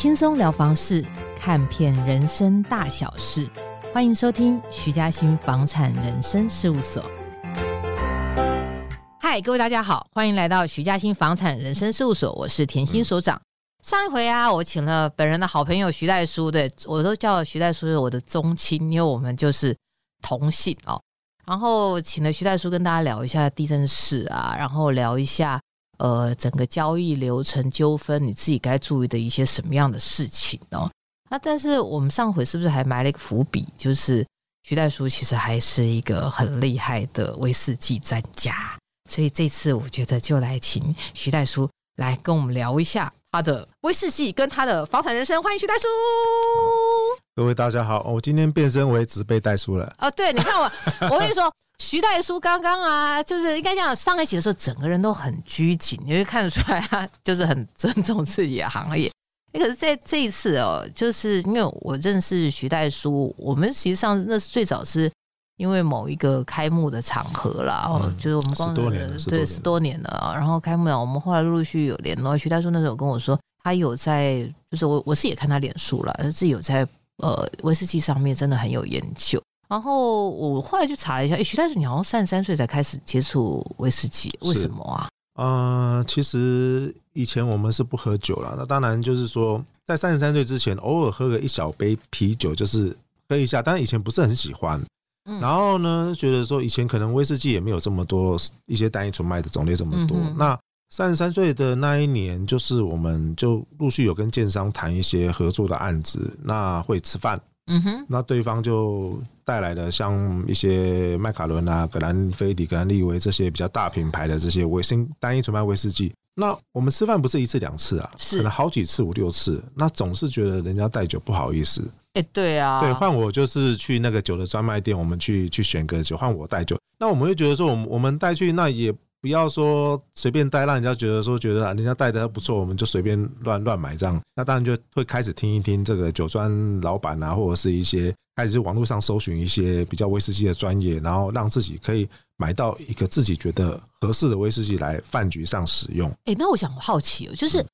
輕鬆聊房事，看遍人生大小事，歡迎收聽徐家興房產人生事務所。嗨，各位大家好，歡迎來到徐家興房產人生事務所，我是甜心所長。嗯、上一回啊，我請了本人的好朋友徐代書，對我都叫徐代書，是我的宗親，因為我們就是同姓哦。然後請了徐代書跟大家聊一下地政士啊，然後聊一下。呃，整個交易流程糾紛，你自己該注意的一些什麼樣的事情呢、哦？啊，但是我們上回是不是還埋了一個伏筆，就是徐代書其實還是一個很厲害的威士忌專家，所以這次我覺得就來請徐代書來跟我們聊一下他的威士忌跟他的房產人生。歡迎徐代書！各位大家好，我今天變身為執杯代書了。啊、呃，對，你看我， 我跟你說。徐代書剛剛啊，就是應該講上一集的時候，整個人都很拘謹，因為看得出來他就是很尊重自己的行業。 可是在這，這一次哦、喔，就是因為我認識徐代書，我們實際上那是最早是因為某一個開幕的場合了，嗯、哦，就是我們光的十多年對十多，年十多年了，然後開幕了，我們後來陸陸續續有聯絡。徐代書那時候跟我說，他有在，就是我我是也看他臉書了，他自己有在呃威士忌上面真的很有研究。然後我後來就查了一下，誒，徐代書，你好像三十三歲才開始接觸威士忌，為什麼啊？呃，其實以前我們是不喝酒了，那當然就是說，在三十三歲之前，偶爾喝個一小杯啤酒，就是喝一下。但是以前不是很喜歡。嗯、然後呢，覺得說以前可能威士忌也沒有這麼多一些單一純麥的種類這麼多。嗯、哼那三十三歲的那一年，就是我們就陸續有跟建商談一些合作的案子，那會吃飯。嗯哼，那對方就帶來了像一些麥卡倫啊、格蘭菲迪、格蘭利威這些比較大品牌的這些威生單一純麥威士忌，那我們吃飯不是一次兩次啊，是可能好幾次、五六次，那總是覺得人家帶酒不好意思。哎，欸、對啊，對，換我就是去那個酒的專賣店，我們去去選個酒，換我帶酒，那我們會覺得說我，我們我們帶去那也。不要說隨便帶，讓人家覺得說覺得、啊、人家帶的不錯，我們就隨便亂亂買這樣。那當然就會開始聽一聽這個酒莊老板啊，或者是一些開始在網絡上搜尋一些比較威士忌的專業，然後讓自己可以買到一個自己覺得合適的威士忌來飯局上使用。哎、欸，那我想好奇哦，就是。嗯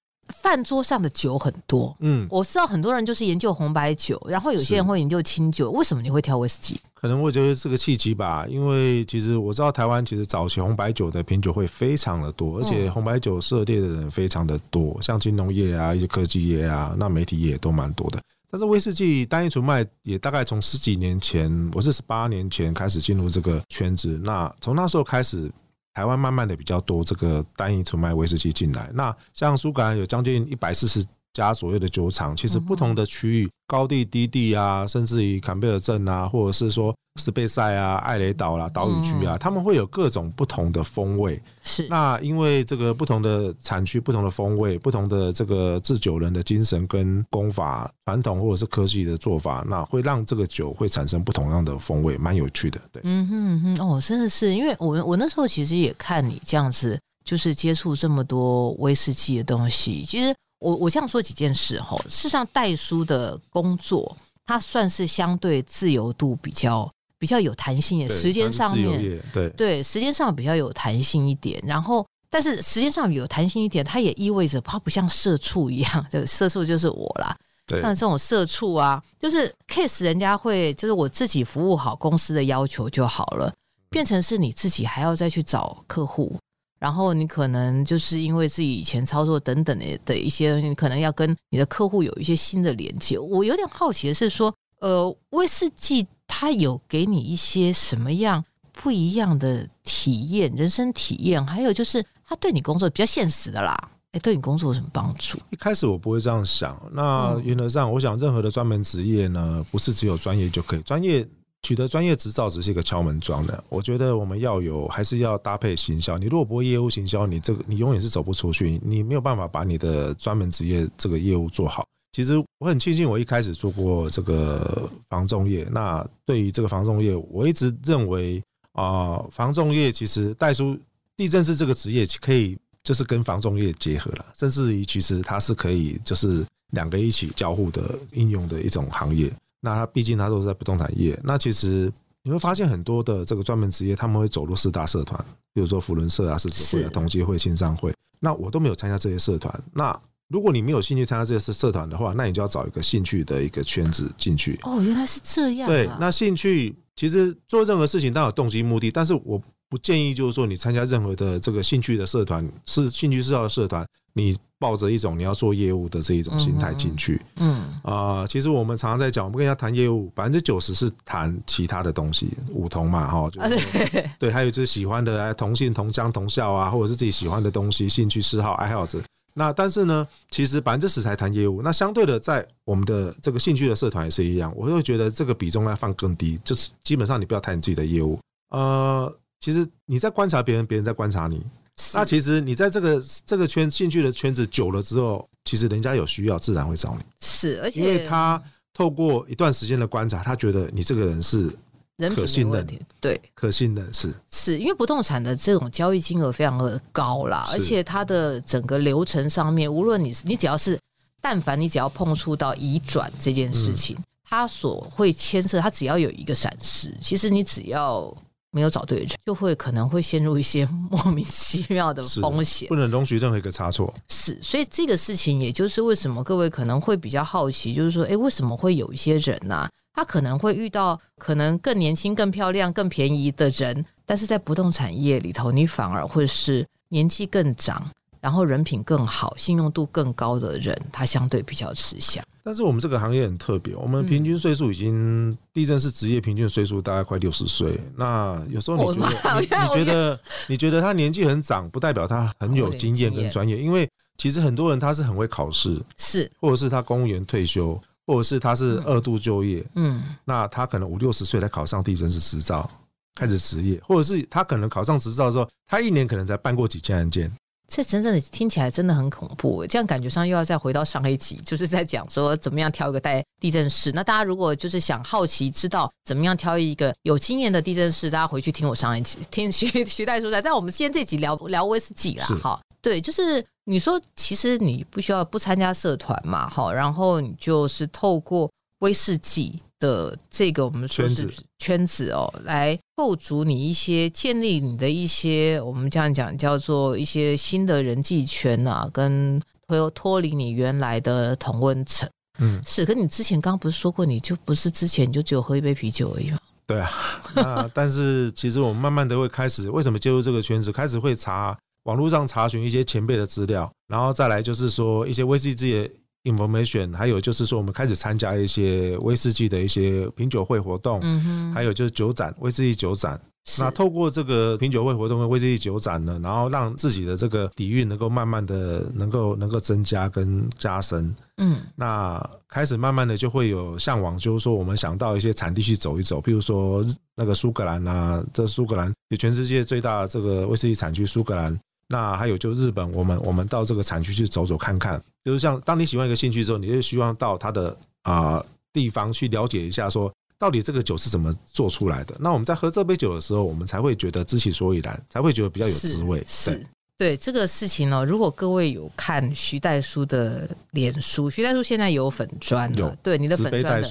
飯桌上的酒很多，嗯，我知道很多人就是研究紅白酒，然後有些人會研究清酒。是為什麼你會挑威士忌？可能我覺得這個契機吧，因為其實我知道台灣其實早期紅白酒的品酒會非常的多，而且紅白酒涉獵的人非常的多，嗯、像金融業啊、一些科技業啊、那媒體業也都蠻多的。但是威士忌單一純麥也大概從十幾年前，我是十八年前開始進入這個圈子，那從那時候開始。台灣慢慢的比較多這個單一純麥威士忌進來，那像蘇格蘭有將近一百四十家左右的酒廠，其實不同的區域，嗯、哼高地、低地啊，甚至於坎貝爾鎮啊，或者是說斯佩塞啊、艾雷島啦、啊、島嶼區啊，他、嗯、哼們會有各種不同的風味。是，那因為這個不同的產區、不同的風味、不同的這個製酒人的精神跟工法傳統，或者是科技的做法，那會讓這個酒會產生不同樣的風味，蠻有趣的。對，嗯哼嗯哼，哦，真的是，因為我我那時候其實也看你這樣子，就是接觸這麼多威士忌的東西，其實。我我這樣說幾件事哈，事實上代書的工作，它算是相對自由度比較比較有彈性的時間上面，對對，對時間上比較有彈性一點。然後，但是時間上有彈性一點，它也意味着它不像社畜一樣，就社畜就是我啦。像對這種社畜啊，就是 case 人家會就是我自己服務好公司的要求就好了，變成是你自己還要再去找客戶。然後你可能就是因為自己以前操作等等的的一些，你可能要跟你的客戶有一些新的連接。我有點好奇的是說，呃，威士忌它有給你一些什麼樣不一樣的體驗？人生體驗，還有就是它對你工作比較現實的啦。哎，對你工作有什麼幫助？一開始我不會這樣想。那原則上，我想任何的專門職業呢，不是只有專業就可以，專業。取得專業執照只是一個敲門磚的，我覺得我們要有還是要搭配行銷。你如果不會業務行銷，你這個你永遠是走不出去，你沒有辦法把你的專門職業這個業務做好。其實我很慶幸我一開始做過這個房仲業。那對於這個房仲業，我一直認為啊，房仲業其實帶出地政士這個職業可以就是跟房仲業結合了，甚至於其實它是可以就是兩個一起交互的應用的一種行業。那他畢竟他都是在不動產業，那其實你會發現很多的這個專門職業，他們會走入四大社團，比如說扶輪社啊、獅子會啊、同濟會、青商會。那我都沒有參加這些社團。那如果你沒有興趣參加這些社社團的話，那你就要找一個興趣的一個圈子進去。哦，原來是這樣。對，那興趣其實做任何事情都有動機目的，但是我不建議就是說你參加任何的這個興趣的社團，是興趣社交的社團。你抱着一種你要做業務的這一種心態進去，嗯啊，其實我們常常在講，我們跟人家談業務90，百分之九十是談其他的東西，五同嘛，哈，對對，還有就是喜歡的，哎，同姓、同鄉同校啊，或者是自己喜歡的東西、興趣嗜好、愛好者。那但是呢，其實百分之十才談業務。那相對的，在我們的這個興趣的社團也是一樣，我就會覺得這個比重要放更低，就是基本上你不要談你自己的業務。呃，其實你在觀察別人，別人在觀察你。是那其實你在這個這個圈進去的圈子久了之後，其實人家有需要，自然會找你。是，而且因為他透過一段時間的觀察，他覺得你這個人是人品穩定，對，可信的，是。是因為不動產的這種交易金額非常的高啦，是而且它的整個流程上面，無論你你只要是，但凡你只要碰觸到移轉這件事情，它、嗯、所會牽涉，它只要有一個閃失，其實你只要。沒有找對人，就會可能會陷入一些莫名其妙的風險。不能容許任何一個差錯。是，所以這個事情，也就是為什麼各位可能會比較好奇，就是說，誒，為什麼會有一些人呢、啊？他可能會遇到可能更年輕、更漂亮、更便宜的人，但是在不動產業裡頭，你反而會是年紀更長，然後人品更好、信用度更高的人，他相對比較吃香。但是我們這個行業很特別，我們平均歲數已經，地政士職業平均歲數大概快六十歲。嗯、那有時候你覺得、oh God, okay. 你覺得你覺得他年紀很長，不代表他很有經驗跟專業，因為其實很多人他是很會考試，是，或者是他公務員退休，或者是他是二度就業，嗯，那他可能五六十歲才考上地政士執照開始執業，或者是他可能考上執照的時候，他一年可能才辦過幾件案件。這真正的聽起來真的很恐怖，這樣感覺上又要再回到上一集，就是在講說怎麼樣挑一個代地政士。那大家如果就是想好奇知道怎麼樣挑一個有經驗的地政士，大家回去聽我上一集，聽徐徐代書，但我們今天這集聊聊威士忌啦，哈是，對，就是你說其實你不需要不參加社團嘛，哈，然後你就是透過威士忌。的這個我們說是圈子哦，來構築你一些建立你的一些，我們這樣講叫做一些新的人際圈啊，跟脫脫離你原來的同溫層。嗯，是。可你之前剛剛不是說過，你就不是之前就只有喝一杯啤酒而已嗎？對啊。那但是其實我們慢慢的會開始，為什麼進入這個圈子，開始會查網絡上查詢一些前輩的資料，然後再來就是說一些威士忌。Information，還有就是說，我們開始參加一些威士忌的一些品酒會活動，嗯哼還有就是酒展，威士忌酒展。是那透過這個品酒會活動跟威士忌酒展呢，然後讓自己的這個底蘊能夠慢慢的能夠能夠增加跟加深。嗯，那開始慢慢的就會有向往，就是說我們想到一些產地去走一走，譬如說那個蘇格蘭啊，這蘇格蘭有全世界最大的這個威士忌產區，蘇格蘭。那還有就日本，我們我們到這個產區去走走看看，就是像當你喜歡一個興趣之後，你就希望到它的啊、呃、地方去了解一下，說到底這個酒是怎麼做出來的。那我們在喝這杯酒的時候，我們才會覺得知其所以然，才會覺得比較有滋味。是，對,對這個事情呢、哦，如果各位有看徐代書的臉書，徐代書現在有粉專的有對你的粉專的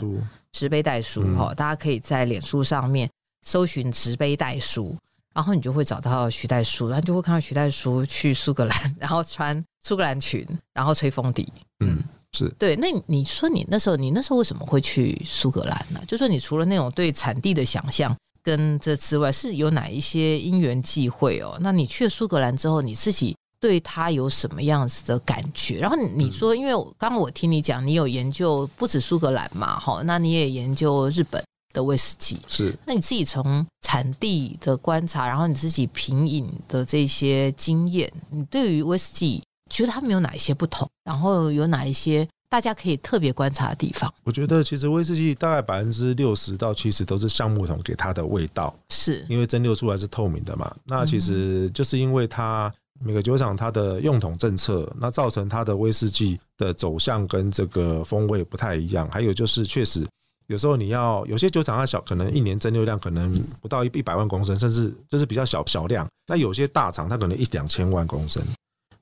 執杯代書哈、嗯哦，大家可以在臉書上面搜尋執杯代書。然後你就會找到徐代書，然後就會看到徐代書去蘇格蘭，然後穿蘇格蘭裙，然後吹風笛。嗯，是對。那你說你那時候，你那時候為什麼會去蘇格蘭呢、啊？就說你除了那種對產地的想象跟這之外，是有哪一些因緣際會哦？那你去了蘇格蘭之後，你自己對它有什麼樣子的感覺？然後你說，因為我剛剛我聽你講，你有研究不止蘇格蘭嘛？好，那你也研究日本。的威士忌是，那你自己從產地的觀察，然後你自己品飲的這些經驗，你對於威士忌覺得它們有哪一些不同，然後有哪一些大家可以特別觀察的地方？我覺得其實威士忌大概百分之六十到七十都是橡木桶給它的味道，是因為蒸餾出來是透明的嘛。那其實就是因為它、嗯、哼每個酒廠它的用桶政策，那造成它的威士忌的走向跟這個風味不太一樣。還有就是確實。有時候你要有些酒廠它小，可能一年蒸餾量可能不到一百萬公升，甚至就是比較小小量。那有些大廠它可能一兩千萬公升，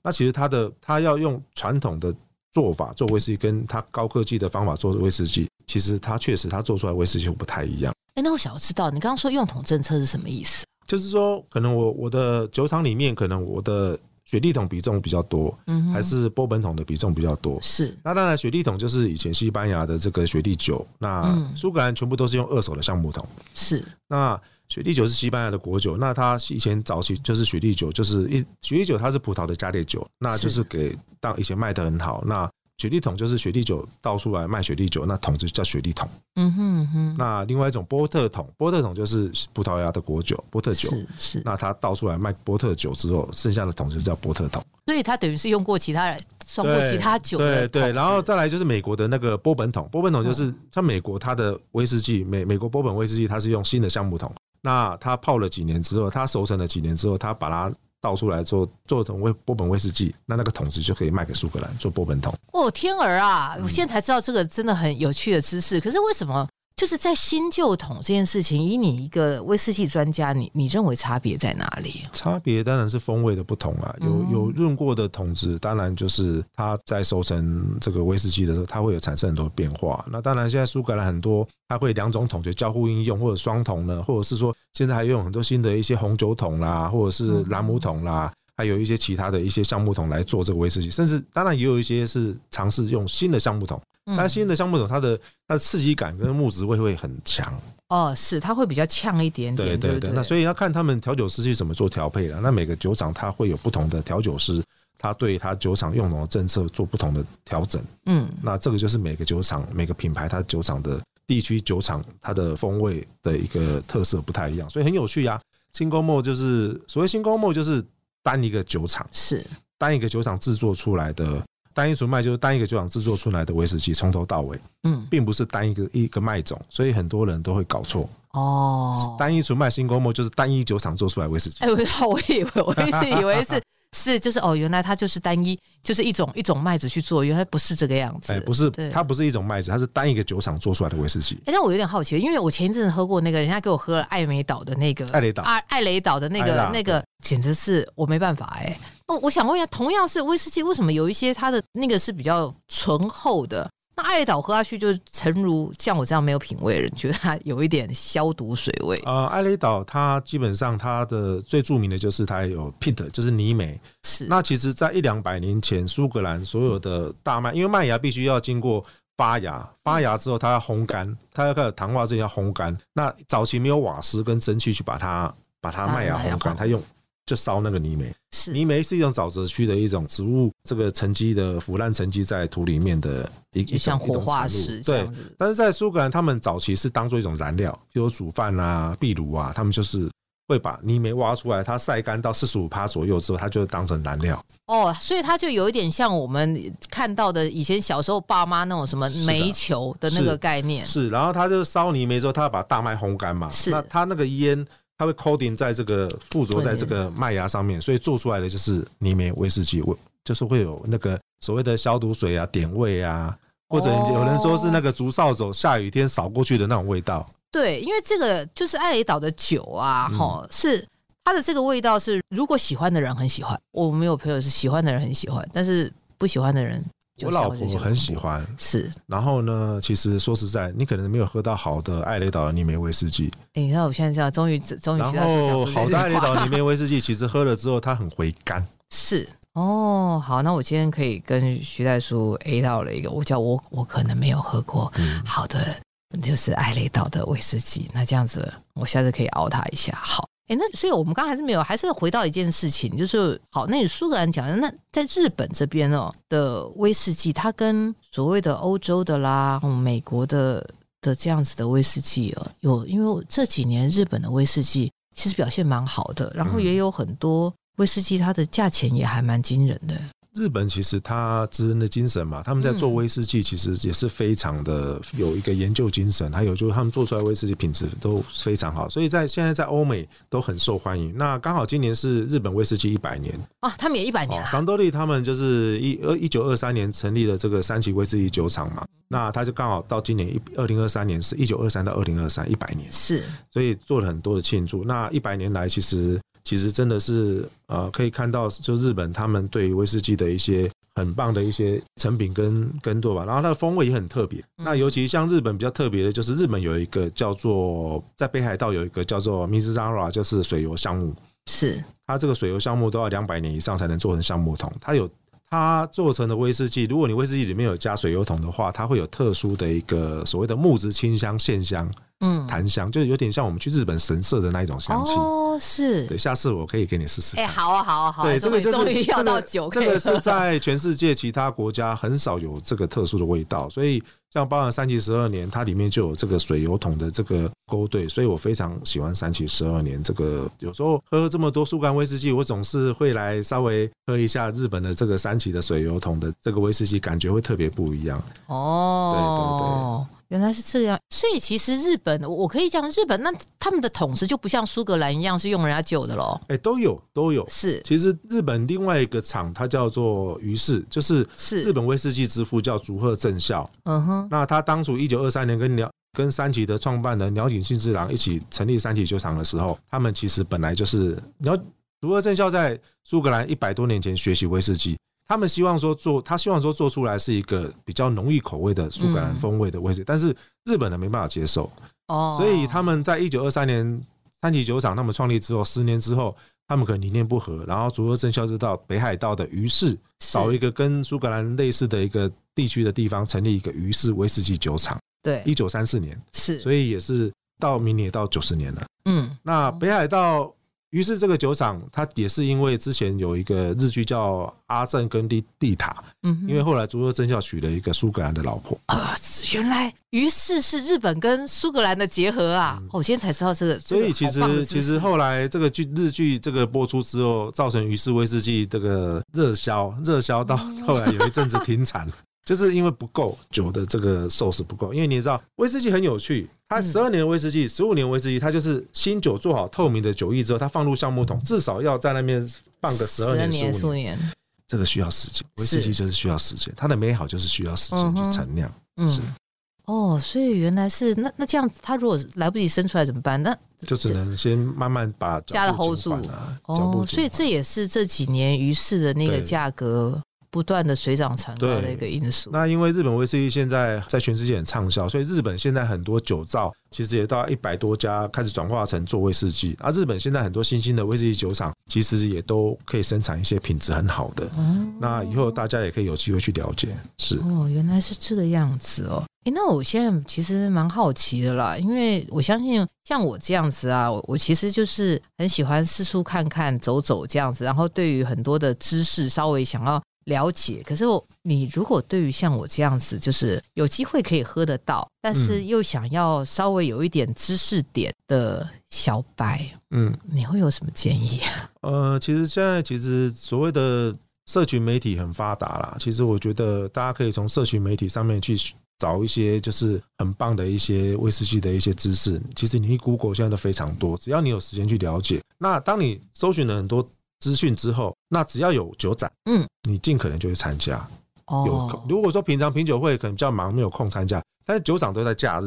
那其實它的它要用傳統的做法做威士忌，跟它高科技的方法做的威士忌，其實它確實它做出來威士忌不太一樣。哎、欸，那我想知道你剛剛說用桶政策是什麼意思？就是說，可能我我的酒廠裡面，可能我的。雪莉桶比重比較多，嗯、哼還是波本桶的比重比較多？是。那當然，雪莉桶就是以前西班牙的這個雪莉酒。那蘇格蘭全部都是用二手的橡木桶。是、嗯。那雪莉酒是西班牙的國酒，那它以前早期就是雪莉酒，就是一雪莉酒它是葡萄的加烈酒，那就是給當以前賣的很好。那雪莉桶就是雪莉酒倒出來賣雪莉酒，那桶子就叫雪莉桶。嗯哼嗯哼。那另外一種波特桶，波特桶就是葡萄牙的果酒，波特酒。是是。那它倒出來賣波特酒之後，剩下的桶子就叫波特桶。所以它等於是用過其他，送過其他酒對，對對。然後再來就是美國的那個波本桶，波本桶就是像美國它的威士忌，美美國波本威士忌，它是用新的橡木桶。那它泡了幾年之後，它熟成了幾年之後，它把它。倒出來做做成，威波本威士忌，那那個桶子，就可以賣給蘇格蘭做波本桶。哦，天兒啊，我現在才知道這個真的很有趣的知識。嗯。可是為什麼？就是在新舊桶這件事情，以你一個威士忌專家，你你認為差別在哪裡？差別當然是風味的不同啊。有有潤過的桶子，當然就是它在熟成這個威士忌的時候，它會有產生很多變化。那當然，現在蘇格蘭很多它會有兩種桶就交互應用，或者雙桶呢，或者是說現在還用很多新的一些紅酒桶啦，或者是蘭姆桶啦，還有一些其他的一些橡木桶來做這個威士忌，甚至當然也有一些是嘗試用新的橡木桶。它新的橡木桶，它的它的刺激感跟木質味會很強哦，是它會比較嗆一點點，對對對。那所以要看他們調酒師去怎麼做調配了。那每個酒廠它會有不同的調酒師，他對他酒廠用的政策做不同的調整。嗯，那這個就是每個酒廠、每個品牌它酒廠的地區酒廠它的風味的一個特色不太一樣，所以很有趣呀。Single Malt 就是所謂 Single Malt，就是單一個酒廠是單一個酒廠製作出來的。單一純麥就是單一個酒廠制作出來的威士忌，從頭到尾，嗯，並不是單一個一個麥種，所以很多人都會搞錯。哦，單一純麥新 i n 就是單一酒廠做出來威士忌。哎、欸，我我以為我一直以為是。 是，就是哦，原來它就是單一，就是一種一種麥子去做，原來不是這個樣子。哎、欸，不是，對它不是一種麥子，它是單一個酒廠做出來的威士忌。哎、欸，但我有點好奇，因為我前一陣子喝過那個人家給我喝了艾美島的那個，艾雷島啊，艾雷島的那個辣那個，簡直是我沒辦法哎、欸。哦，我想問一下，同樣是威士忌，為什麼有一些它的那個是比較醇厚的？那艾雷島喝下去，就誠如像我這樣沒有品味的人，覺得它有一點消毒水味、呃。啊，艾雷島它基本上它的最著名的就是它有 peat，就是泥煤。是。那其實，在一兩百年前，蘇格蘭所有的大麥，因為麥芽必須要經過發芽，發芽之後它要烘乾，它要開始糖化之前要烘乾。那早期沒有瓦斯跟蒸汽去把它把它麥芽烘乾，它用。就燒那個泥煤是，泥煤是一種沼澤區的一種植物，這個沉積的腐爛沉積在土裡面的一就像活化石，對。但是在蘇格蘭，他們早期是當做一種燃料，比如煮飯啊、壁爐啊，他們就是會把泥煤挖出來，它曬乾到四十五趴左右之後，它就當成燃料。哦，所以它就有一點像我們看到的以前小時候爸媽那種什麼煤球的那個概念。是，是，是，然後他就燒泥煤之後，他要把大麥烘乾嘛，是，他那，那個煙。它會 coding 在這個附着在這個麥芽上面，所以做出來的就是泥煤威士忌，味。就是會有那個所謂的消毒水啊、點味啊，或者有人說是那個竹掃帚下雨天掃過去的那種味道。哦。對，因為這個就是艾雷島的酒啊，嗯、吼，是它的這個味道是，如果喜歡的人很喜歡，我沒有朋友是喜歡的人很喜歡，但是不喜歡的人。我老婆很喜歡，是。然後呢，是其實說實在，你可能沒有喝到好的艾雷島的泥煤威士忌。誒，你看我現在知道，終於終於知道徐代書艾雷島泥煤威士忌其實喝了之後，它很回甘。是哦，好，那我今天可以跟徐代書 A 到了一個，我叫我我可能沒有喝過好的，嗯、就是艾雷島的威士忌。那這樣子，我下次可以熬他一下，好。哎，那所以我們剛還是沒有，還是要回到一件事情，就是好，那你蘇格蘭講，那在日本這邊哦的威士忌，它跟所謂的歐洲的啦、嗯、美國的的這樣子的威士忌哦，有，因為這幾年日本的威士忌其實表現蠻好的，然後也有很多、嗯、威士忌，它的價錢也還蠻驚人的。日本其實它知恩的精神嘛，他們在做威士忌，其實也是非常的有一個研究精神。還、嗯、有就是他們做出來威士忌品質都非常好，所以在現在在歐美都很受歡迎。那剛好今年是日本威士忌一百年啊，他們也一百年，啊。三得、哦、利他們就是一二一九二三年成立了這個山崎威士忌酒廠嘛，那他就剛好到今年一二零二三年是一九二三到二零二三一百年，是。所以做了很多的慶祝。那一百年來其實。其實真的是，呃，可以看到，就日本他們對於威士忌的一些很棒的一些成品跟跟做法。然後它的風味也很特別。嗯、那尤其像日本比較特別的，就是日本有一個叫做在北海道有一個叫做 Mizunara，就是水楢橡木。是，它這個水楢橡木都要兩百年以上才能做成橡木桶。它有它做成的威士忌，如果你威士忌裡面有加水楢桶的話，它會有特殊的一個所謂的木質清香、線香。嗯，檀香就是有點像我們去日本神社的那一種香氣。哦，是。對，下次我可以給你試試。哎、欸，好啊，好啊，好啊。對，這個就是，終於要到酒，這個，這個是在全世界其他國家很少有這個特殊的味道，所以像包含三七十二年，它裡面就有這個水油桶的這個勾兌，所以我非常喜歡三七十二年這個。有時候喝這麼多蘇格蘭威士忌，我總是會來稍微喝一下日本的這個三七的水油桶的這個威士忌，感覺會特別不一樣。哦，對對對。對原來是這樣，所以其實日本我可以講日本，那他們的桶子就不像蘇格蘭一樣是用人家酒的嘍？哎、欸，都有都有。是，其實日本另外一個廠，它叫做余市，就是是日本威士忌之父叫竹鶴政孝。嗯哼是，那他當初一九二三年跟鳥跟三級的創辦人鳥井信治郎一起成立三井酒廠的時候，他們其實本來就是鳥竹鶴政孝在蘇格蘭一百多年前學習威士忌。他們希望說做，他希望說做出來是一個比較濃郁口味的蘇格蘭風味的威士忌，但是日本人沒辦法接受，哦，所以他們在一九二三年山崎酒廠他們創立之後，十年之後，他們可能理念不合，然後竹鶴政孝就到北海道的余市是 找一個跟蘇格蘭類似的一個地區的地方，成立一個余市威士忌酒廠。對，一九三四年是，所以也是到明年也到九十年了。嗯，那北海道。於是這個酒廠，它也是因為之前有一個日劇叫《阿正跟蒂蒂塔》，嗯哼，因為後來竹鶴政孝娶了一個蘇格蘭的老婆啊、呃，原來余市是日本跟蘇格蘭的結合啊，嗯、我今天才知道這個。所以其實其實後來這個劇日劇這個播出之後，造成余市威士忌這個熱銷，熱銷到後來有一陣子停產了。嗯 就是因為不夠酒的這個 source 不夠，因為你知道威士忌很有趣，它十二年的威士忌、十五、嗯、年威士忌，它就是新酒做好透明的酒液之後，它放入橡木桶，至少要在那邊放個十二年、十五年，年年這個需要時間。威士忌就是需要時間，是它的美好就是需要時間去陳釀。嗯嗯、是哦，所以原來是那那這樣，它如果來不及生出來怎麼辦？那就只能先慢慢把、啊、加了 hold 住。哦,哦，所以這也是這幾年於是的那個價格。不斷的水漲船高的一個因素。那因為日本威士忌現在在全世界很暢銷，所以日本現在很多酒造其實也到一百多家開始轉化成做威士忌。而、啊、日本現在很多新興的威士忌酒廠，其實也都可以生產一些品質很好的。嗯、那以後大家也可以有機會去了解。是哦，原來是這個樣子哦。哎，那我現在其實蠻好奇的啦，因為我相信像我這樣子啊我，我其實就是很喜歡四處看看、走走這樣子，然後對於很多的知識稍微想要。了解，可是我你如果對於像我這樣子，就是有機會可以喝得到，但是又想要稍微有一點知識點的小白，嗯，你會有什麼建議啊？呃，其實現在其實所謂的社群媒體很發達啦，其實我覺得大家可以從社群媒體上面去找一些就是很棒的一些威士忌的一些知識。其實你去 Google 現在都非常多，只要你有時間去了解。那當你搜尋了很多。資訊之後，那只要有酒展，嗯，你盡可能就會參加。哦有，如果說平常品酒會可能比較忙，沒有空參加，但是酒展都在假日，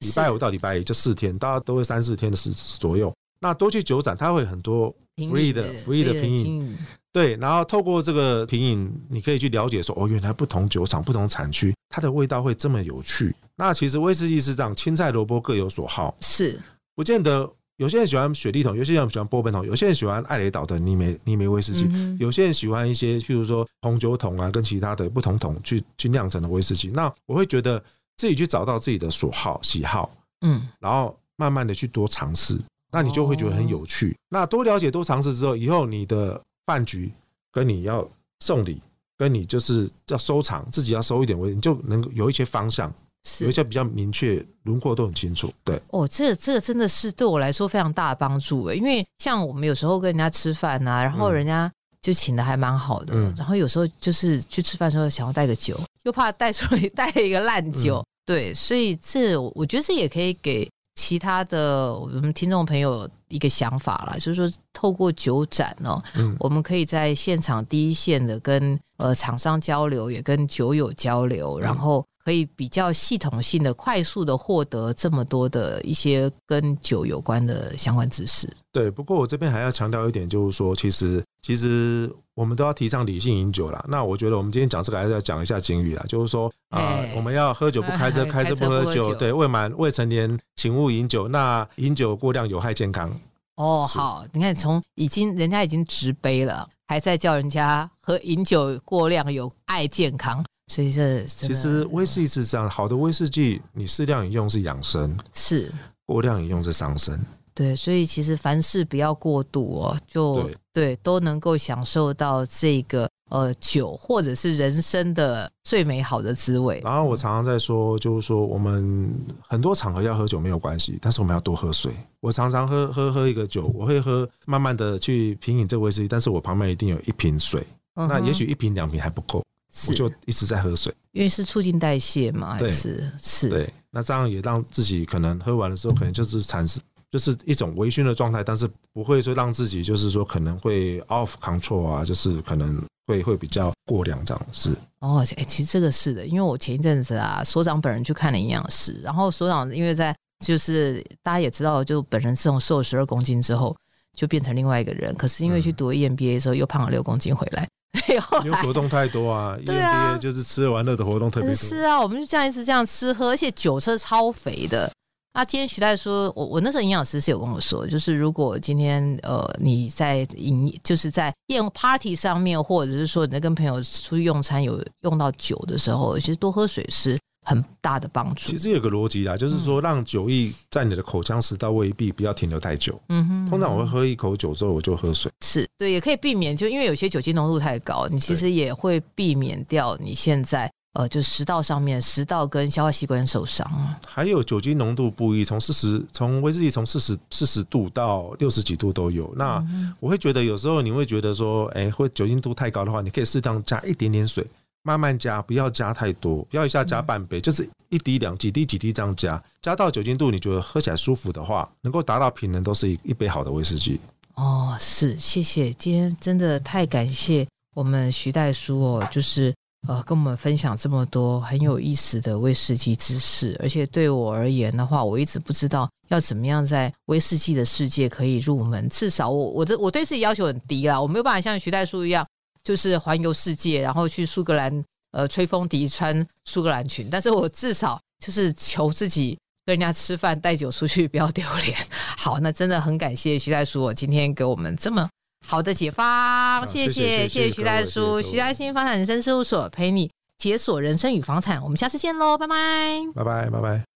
禮是拜五到禮拜一就四天，大家都會三四天的時左右。那多去酒展，它會很多 free 的 free 的 free 的品飲，對。然後透過這個品飲，你可以去了解說，哦，原來不同酒廠、不同產區，它的味道會這麼有趣。那其實威士忌是這樣，青菜蘿蔔各有所好，是不見得。有些人喜歡雪莉桶，有些人喜歡波本桶，有些人喜歡艾雷島的泥煤泥煤威士忌，嗯嗯有些人喜歡一些，譬如說紅酒桶啊，跟其他的不同桶去去釀成的威士忌。那我會覺得自己去找到自己的所好喜好，嗯，然後慢慢的去多嘗試，那你就會覺得很有趣。哦、那多了解多嘗試之後，以後你的飯局跟你要送禮，跟你就是要收藏，自己要收一點威，你就能有一些方向。是有些比較明確，輪廓都很清楚。對，哦，這個、這個真的是對我來說非常大的幫助誒，因為像我們有時候跟人家吃飯吶、啊，然後人家就請的還蠻好的，嗯、然後有時候就是去吃飯的時候，想要帶個酒，嗯、又怕帶出來，帶一個爛酒，嗯、對，所以這我覺得這也可以給其他的我們聽眾朋友一個想法了，就是說透過酒展呢、喔，嗯、我們可以在現場第一線的跟呃廠商交流，也跟酒友交流，嗯、然後。可以比較系統性的、快速的獲得這麼多的一些跟酒有關的相關知識。對，不過我這邊還要強調一點，就是說，其實其實我們都要提倡理性飲酒啦。那我覺得我們今天講這個，還是要講一下警語啦，就是說啊，呃欸、我們要喝酒不開車，欸欸、開車不喝酒。喝酒對，未滿未成年，請勿飲酒。那飲酒過量有害健康。哦，好，是你看，從已經人家已經執杯了，還在叫人家喝，飲酒過量有害健康。所以這其實威士忌是這樣，嗯、好的威士忌你適量飲用是養生，是過量飲用是傷身。對，所以其實凡事不要過度哦，就對，對都能夠享受到這個呃酒或者是人生的最美好的滋味。然後我常常在說，就是說我們很多場合要喝酒沒有關係，但是我們要多喝水。我常常喝喝喝一個酒，我會喝慢慢的去品飲這威士忌，但是我旁邊一定有一瓶水，嗯、哼那也許一瓶兩瓶還不夠。是我就一直在喝水，因為是促進代謝嘛。還是對是。對，那這樣也讓自己可能喝完的時候，可能就是產生就是一種微醺的狀態，但是不會說讓自己就是說可能會 off control 啊，就是可能會會比較過量這樣。是。哦，哎、欸，其實這個是的，因為我前一陣子啊，所長本人去看了營養師，然後所長因為在就是大家也知道，就本人自從瘦了十二公斤之後，就變成另外一個人，可是因為去讀 E M B A 時候、嗯、又胖了六公斤回來。 因為活動太多啊，對啊，就是吃喝玩樂的活動特別多。是啊，我們就這樣一直這樣吃喝，而且酒車超肥的。 啊，今天徐代書，我我那時候營養師是有跟我說，就是如果今天呃你在飲，就是在宴 party 上面，或者是說你在跟朋友出去用餐有用到酒的時候，其實多喝水是。很大的幫助。其實有個邏輯啦，就是說讓酒液在你的口腔、食道、胃壁不要停留太久。嗯哼、嗯。通常我會喝一口酒之後我就喝水是。是對，也可以避免，就因為有些酒精濃度太高，你其實也會避免掉你現在對 呃，就食道上面、食道跟消化器官受傷、啊。還有酒精濃度不一，從四十從威士忌從四十四十度到六十幾度都有。那我會覺得有時候你會覺得說，哎、欸，或酒精度太高的話，你可以適當加一點點水。慢慢加，不要加太多，不要一下加半杯，嗯、就是一滴兩滴幾滴幾滴這樣加，加到酒精度你覺得喝起來舒服的話，能夠達到平衡都是一一杯好的威士忌。哦，是，謝謝，今天真的太感謝我們徐代書哦，就是呃，跟我們分享這麼多很有意思的威士忌知識，而且對我而言的話，我一直不知道要怎麼樣在威士忌的世界可以入門，至少我我這我對自己要求很低啦，我沒有辦法像徐代書一樣。就是環遊世界，然後去蘇格蘭，呃，吹風笛，穿蘇格蘭裙。但是我至少就是求自己跟人家吃飯帶酒出去，不要丟臉。好，那真的很感謝徐代書，我今天給我們這麼好的啟發哦。謝謝，謝謝徐代書，謝謝徐家新房產人生事務所陪你解鎖人生與房產。我們下次見嘍，拜拜，拜拜，拜拜，拜拜。